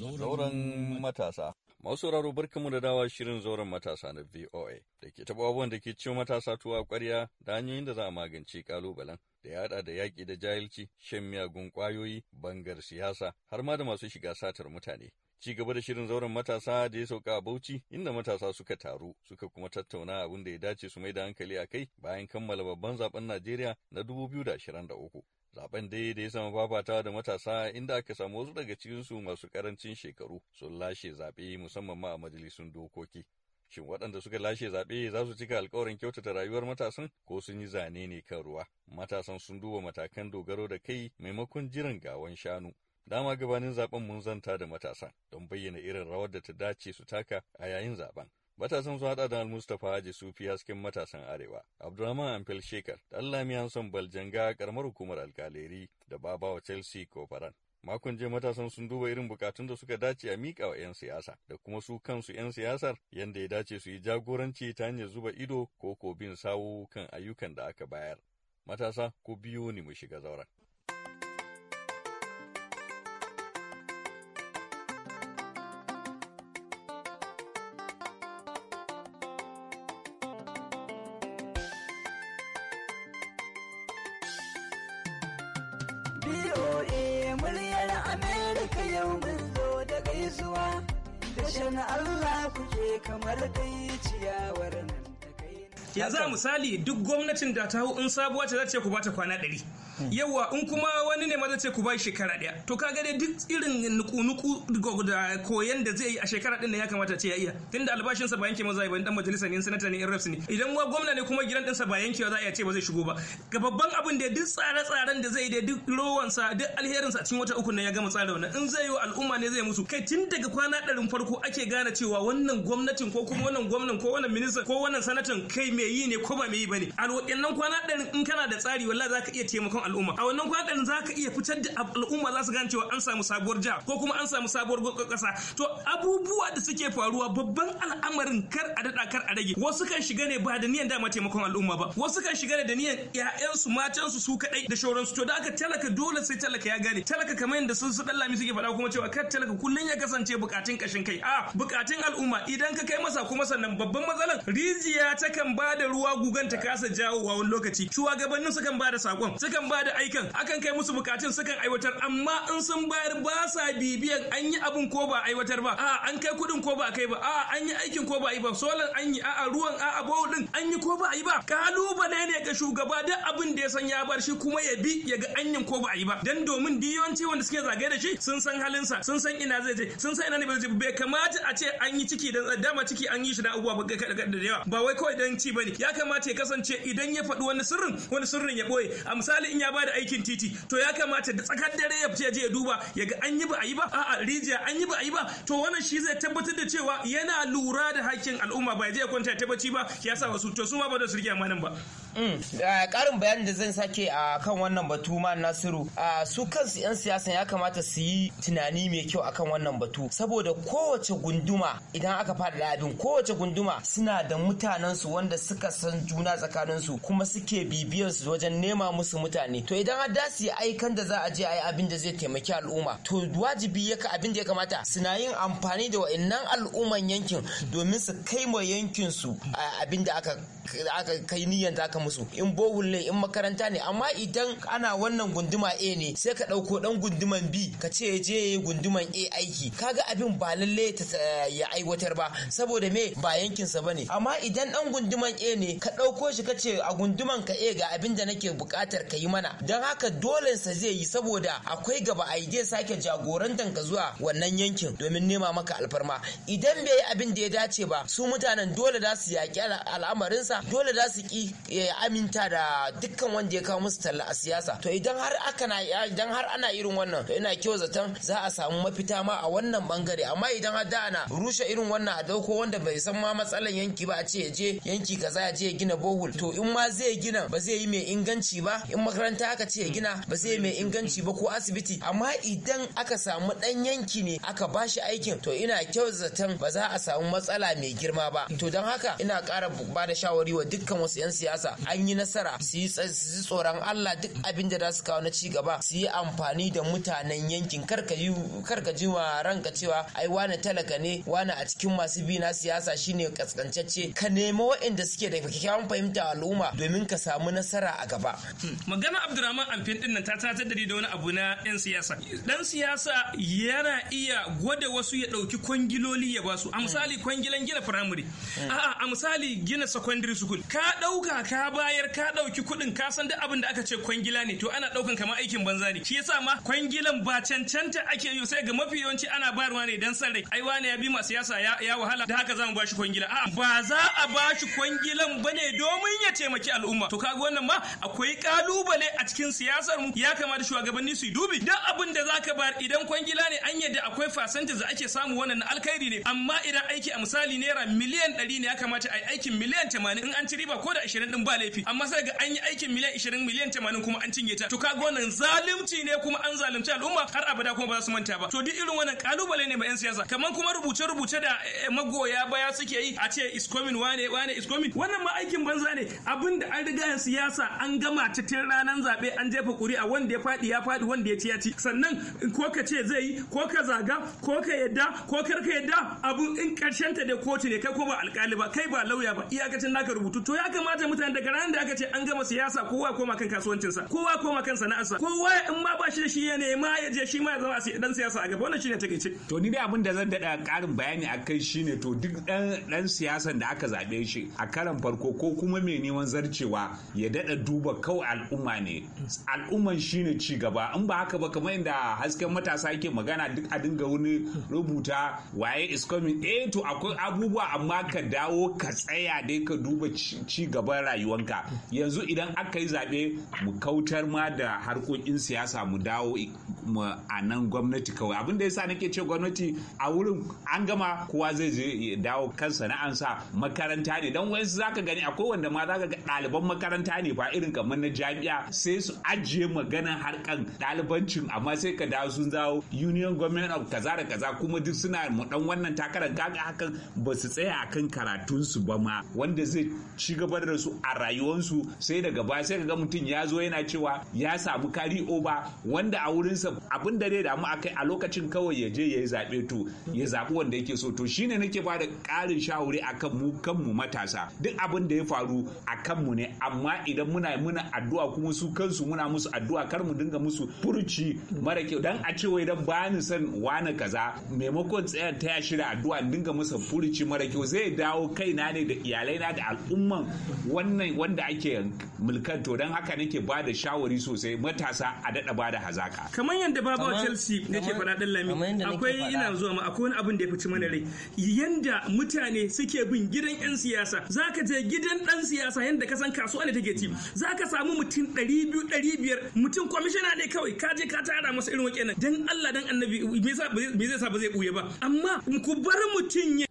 Zauren matasa. Masu sauraro barkamu da dawa shirin zauren matasa na VOA da ke taɓa abubuwan da ke ciwo matasa tuwa ƙwarya da hanyoyin da za a magance ƙalubalen da ya haɗa da yaƙi da jahilci, shan miyagun ƙwayoyi, bangar siyasa, har ma da masu shiga satar mutane. Ci gaba da shirin zauren matasa da ya sauka a Bauchi inda matasa suka taru suka kuma tattauna abin da ya dace su mai da hankali a kai bayan kammala babban zaben Najeriya na dubu biyu da uku. Zaben dai da ya samu fafatawa da matasa inda aka samu wasu daga cikinsu masu karancin shekaru sun lashe zaɓe musamman ma a majalisun dokoki. Shin waɗanda suka lashe zaɓe za su cika alkawarin kyautata rayuwar matasan ko sun yi zane ne kan ruwa? Matasan sun duba matakan dogaro da kai maimakon jiran gawan shanu. Dama gabanin zaben mun zanta da matasan don bayyana irin rawar da ta dace su taka a yayin zaben. Matasan sun haɗa da Mustapha Haji Sufi hasken matasan Arewa, Abdulrahman Amfil Shekar, Lamiyan son Baljanga karamar hukumar alkaleri da Babawa Chelsea Kofaran. Makon jiya matasan sun duba irin bukatun da suka dace a miƙa wa 'yan siyasa da kuma su kansu 'yan siyasar yadda ya dace su yi jagoranci ta hanyar zuba ido ko kobin bin sawu kan ayyukan da aka bayar. Matasa ko biyu ne mu shiga zauren. ƙarshen Allah kuke kamar dai ciyawar nan. Yanzu a misali duk gwamnatin da ta hau in sabuwa ce za ce ku bata kwana ɗari. Hmm. Yawwa in kuma wani ne ma zai ce ku bai shekara ɗaya to ka dai duk irin nuku-nuku da koyan da zai yi a shekara ɗin da ya kamata ce ya iya tunda albashinsa ba yanke maza ba dan majalisa ne sanata ne in reps ne idan wa gwamna ne kuma gidan ɗinsa ba yankewa za a iya ce ba zai shigo ba ga babban abin da duk tsare-tsaren da zai da duk rowansa duk alherinsa a cikin wata uku ne ya gama tsara wannan in zai yi wa al'umma ne zai musu kai tun daga kwana ɗarin farko ake gane cewa wannan gwamnatin ko kuma wannan gwamnan ko wannan minista ko wannan sanatan kai mai yi ne ko ba mai yi bane a wannan kwana ɗarin in kana da tsari wallahi ka iya taimakon al'umma a wannan kwana ɗarin za ka iya fitar da al'umma za su gane cewa an samu sabuwar jiha ko kuma an samu sabuwar ƙasa to abubuwa da suke faruwa babban al'amarin kar a daɗa kar a rage wasu kan shiga ne ba da niyan dama taimakon al'umma ba wasu kan shiga ne da niyan ƴaƴansu matansu su kaɗai da shauransu to da aka talaka dole sai talaka ya gane talaka kamar yadda sun su lami suke faɗa kuma cewa kar talaka kullum ya kasance bukatun kashin kai a bukatun al'umma idan ka kai masa kuma sannan babban matsalar rijiya ta kan ba da ruwa gugan ta kasa jawowa wani lokaci shugabannin sukan ba da sakon sukan ba da aikan akan kai musu bukatun sukan aiwatar amma in sun bayar ba sa bibiyan an yi abin ko ba aiwatar ba a an kai kudin ko ba kai ba a an yi aikin ko ba yi ba solar an yi a ruwan a bowl din an yi ko ba yi ba kalubale ne ga shugaba duk abin da ya san ya bar shi kuma ya bi ya ga anyin ko ba yi ba dan domin diyonci wanda suke zagaye da shi sun san halinsa sun san ina zai je sun san ina ne bai kamata a ce an yi ciki dan dama ciki an yi shi da abubuwa da yawa ba wai kawai dan ci bane ya kamata ya kasance idan ya faɗi wani sirrin wani sirrin ya boye a misali in ya bada aikin titi to ya kamata da tsakar dare ya fita je ya duba ya ga an yi ba a yi ba a'a rijiya an yi ba a yi ba to wannan shi zai tabbatar da cewa yana lura da hakkin al'umma ba ya je ya kwanta ta bacci ba ya sa wasu to su ma ba su rike amanan ba karin mm. eh, bayanin da zan sake a kan wannan batu ma nasiru ah, su kansu 'yan siyasa ya kamata su yi tunani mai kyau akan wannan batu saboda kowace gunduma idan aka fada abin kowace gunduma suna da mutanensu wanda suka san juna tsakaninsu kuma suke bibiyansu wajen nema musu mutane to idan har dasi aikan da za a je a yi abin da zai taimaki al'umma to wajibi ya ka abin da ya kamata suna yin amfani da wa'annan al'umman yankin domin su kai ma yankin su abin da aka aka kai niyan da aka musu in bohul ne in makaranta ne amma idan ana wannan gunduma A ne sai ka ɗauko ɗan gunduman B ka ce je gunduman A aiki kaga abin ba lalle ya aiwatar ba saboda me ba yankinsa ba ne amma idan ɗan gunduman A ne ka ɗauko shi ka ce a gunduman ka A ga abin da nake buƙatar ka yi mana don haka dole dolensa zai yi saboda akwai gaba a yi sake jagorantan ka zuwa wannan yankin domin nema maka alfarma idan bai yi abin da ya dace ba su mutanen dole za su yaƙi al'amarinsa dole za su ki eh, aminta da dukkan wanda ya kawo musu talla a siyasa to idan har aka na idan har ana irin wannan to ina kyau zaton za a samu mafita ma a wannan bangare amma idan har da ana rushe irin wannan a dauko wanda bai san ma matsalan yanki ba a ce ya je yanki kaza ya je ya gina bohol to in ma zai gina ba zai yi mai inganci ba in makaranta aka ce ya gina ba ba zai mai inganci ba ko asibiti amma idan aka samu dan yanki ne aka bashi aikin to ina kyau zaton ba za a samu matsala mai girma ba to don haka ina ƙara ba da shawari wa dukkan wasu 'yan siyasa an yi nasara su yi tsoron Allah duk abin da za su kawo na ci gaba su yi amfani da mutanen yankin karka ji wa ranka cewa ai wani talaka ne wani a cikin masu bi na siyasa shine kaskancacce ka nemi waɗanda suke da kyakkyawan fahimta al'umma domin ka samu nasara a gaba. Hmm, magana abdurrahman amfin din nan ta tatar da ni da wani abu na 'yan siyasa dan siyasa yana iya gwada wasu ya ɗauki kwangiloli ya basu a misali kwangilan gina firamare a'a a misali gina secondary school ka ɗauka ka bayar ka ɗauki kuɗin ka san duk abin da aka ce kwangila ne to ana ɗaukan kamar aikin banza ne shi yasa ma kwangilan ba cancanta ake yi sai ga mafi yawanci ana bayarwa ne dan san rai ai wani ya bi ma siyasa ya wahala da haka za mu bashi kwangila a'a ba za a bashi kwangilan bane domin ya taimaki al'umma to kaga wannan ma akwai kalubale a cikin siyasar mu ya kamata shugabanni su yi dubi duk abin da zaka bar idan kwangila ne an yadda akwai fasanta da ake samu wannan alkhairi ne amma idan aiki a misali naira miliyan ɗari ne ya kamata a yi aikin miliyan tamanin in an ci riba ko da ashirin din ba laifi amma sai ga an yi aikin miliyan ashirin miliyan tamanin kuma an cinye ta to kaga wannan zalunci ne kuma an zalunci al'umma har abada kuma ba za su manta ba to duk irin wannan kalubale ne ma yan siyasa kamar kuma rubuce-rubuce da eh, magoya baya suke yi a ce iskomin wane wane iskomin wannan ma aikin banza ne abin da an riga siyasa an gama ta tun ranar zaɓe an jefa ƙuri'a wanda ya faɗi ya faɗi wanda ya ci ya ci sannan ko ka ce zai yi ko ka zaga ko ka yadda ko kar ka yadda abu in karshen ta da kotu ne kai ko ba alƙali ba kai ba lauya ba iyakacin naka rubutu to ya kamata mutane daga ranar da aka ce an gama siyasa kowa koma kan kasuwancinsa kowa koma kan sana'arsa kowa in ma ba shi da shi ya ne ma ya je shi ma ya zama dan siyasa a gaba wannan shine ce. to ni dai abin da zan daɗa karin bayani shi shine to duk ɗan siyasan da aka zaɓe shi a karan farko ko kuma mai neman zarcewa ya dada duba kawai al'umma ne al'umman wannan shine ci gaba in ba haka ba kamar inda hasken matasa yake magana duk a dinga wani rubuta waye is coming eh to akwai abubuwa amma ka dawo ka tsaya dai ka duba ci gaban rayuwanka yanzu idan aka yi zaɓe mu kautar ma da harkokin siyasa mu dawo a nan gwamnati kawai abin da yasa nake ce gwamnati a wurin an gama kowa zai je ya dawo kan sana'ansa makaranta ne dan wayansu zaka gani akwai wanda ma zaka ga ɗaliban makaranta ne ba irin kamar na jami'a sai su ajiye magana harkan ɗalibancin amma sai ka dawo sun zawo union government of kaza da kaza kuma duk suna mu dan wannan takarar gaga hakan ba su tsaya akan karatunsu ba ma wanda zai ci gaba da su a rayuwarsu sai daga baya sai ka ga mutum ya zo yana cewa ya samu kari oba wanda a wurinsa abin da zai damu akai a lokacin kawai ya je ya yi zaɓe to ya zaɓi wanda yake so to shine nake ba da ƙarin shawari akan mu kanmu matasa duk abin da ya faru a kanmu ne amma idan muna muna addu'a kuma su kansu muna musu addu'a addu'a kar mu dinga musu furuci mara kyau dan a ce wai dan ba ni san wani kaza maimakon tsayar ta ya da addu'a dinga musu furuci mara kyau zai dawo kaina ne da iyalai na da al'umman wannan wanda ake mulkar to dan haka nake ba da shawari sosai matasa a dada ba da hazaka kamar yadda babawa Chelsea nake faɗa dan lami akwai ina zuwa ma akwai wani abin da ya fici mana rai yanda mutane suke bin gidan yan siyasa zaka je gidan dan siyasa yanda ka san kasuwa ne take ci zaka samu mutum 200 500 mutum kwamishina ne kawai ka je ka tara masa irin nan dan Allah dan annabi me zai sa ba zai buye ba amma ku bar mutum ya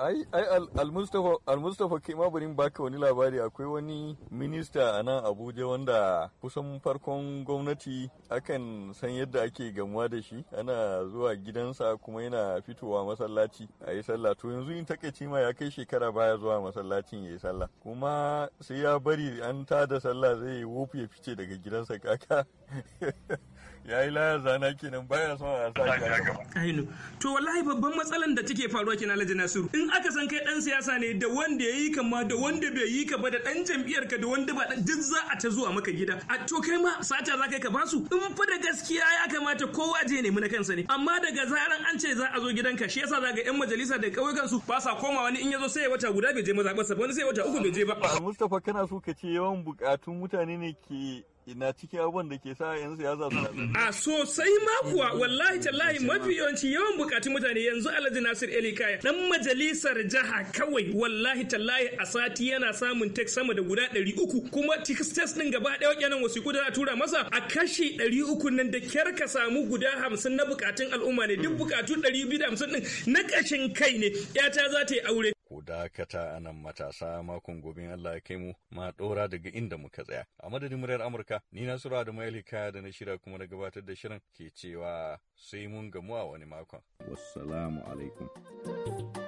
ai ai al-mustafa al-mustafa kai ma burin baka wani labari akwai wani minista a nan Abuja wanda kusan farkon gwamnati akan san yadda ake gamuwa da shi ana zuwa gidansa kuma yana fitowa masallaci a yi sallah to yanzu in takaici ma ya kai shekara baya zuwa masallacin ya yi sallah kuma sai ya bari an ta da sallah zai wofi ya fice daga gidansa kaka ya yi laya zana kenan baya son a sa gaba ainu to wallahi babban matsalan da take faruwa kenan Alhaji Nasiru in aka san kai dan siyasa ne da wanda yayi ka da wanda bai yi ka ba da dan jam'iyyar ka da wanda ba dan duk za a ta zuwa maka gida a to kai ma sata za kai ka basu in fa da gaskiya ya kamata kowa je ne na kansa ne amma daga zaran an ce za a zo gidanka shi yasa zaga yan majalisa da kauyukan su ba sa koma wani in yazo sai wata guda bai je maza ba wani sai wata uku bai je ba Mustapha kana so ka ce yawan bukatun mutane ne ke ina cikin abin da ke sa yan siyasa suna mm-hmm. a ah, sosai ma kuwa mm-hmm. wallahi mm-hmm. tallahi mafi yawanci yawan bukatun mutane yanzu alhaji nasir eli kaya dan majalisar jiha kawai wallahi tallahi a sati yana samun tek sama da guda ɗari uku kuma tikistes ɗin gaba ɗaya wakilan wasiku da tura masa a kashi ɗari uku nan da kyar ka samu guda hamsin na bukatun al'umma ne duk bukatu ɗari biyu da hamsin din na ƙashin kai ne yata za ta yi aure ku dakata a nan matasa makon gobe Allah ya kai mu ma ɗora daga inda muka tsaya. A madadin muryar Amurka, ni na sura da mai kaya da na shira kuma na gabatar da shirin ke cewa sai mun gamu a wani makon. Wassalamu alaikum.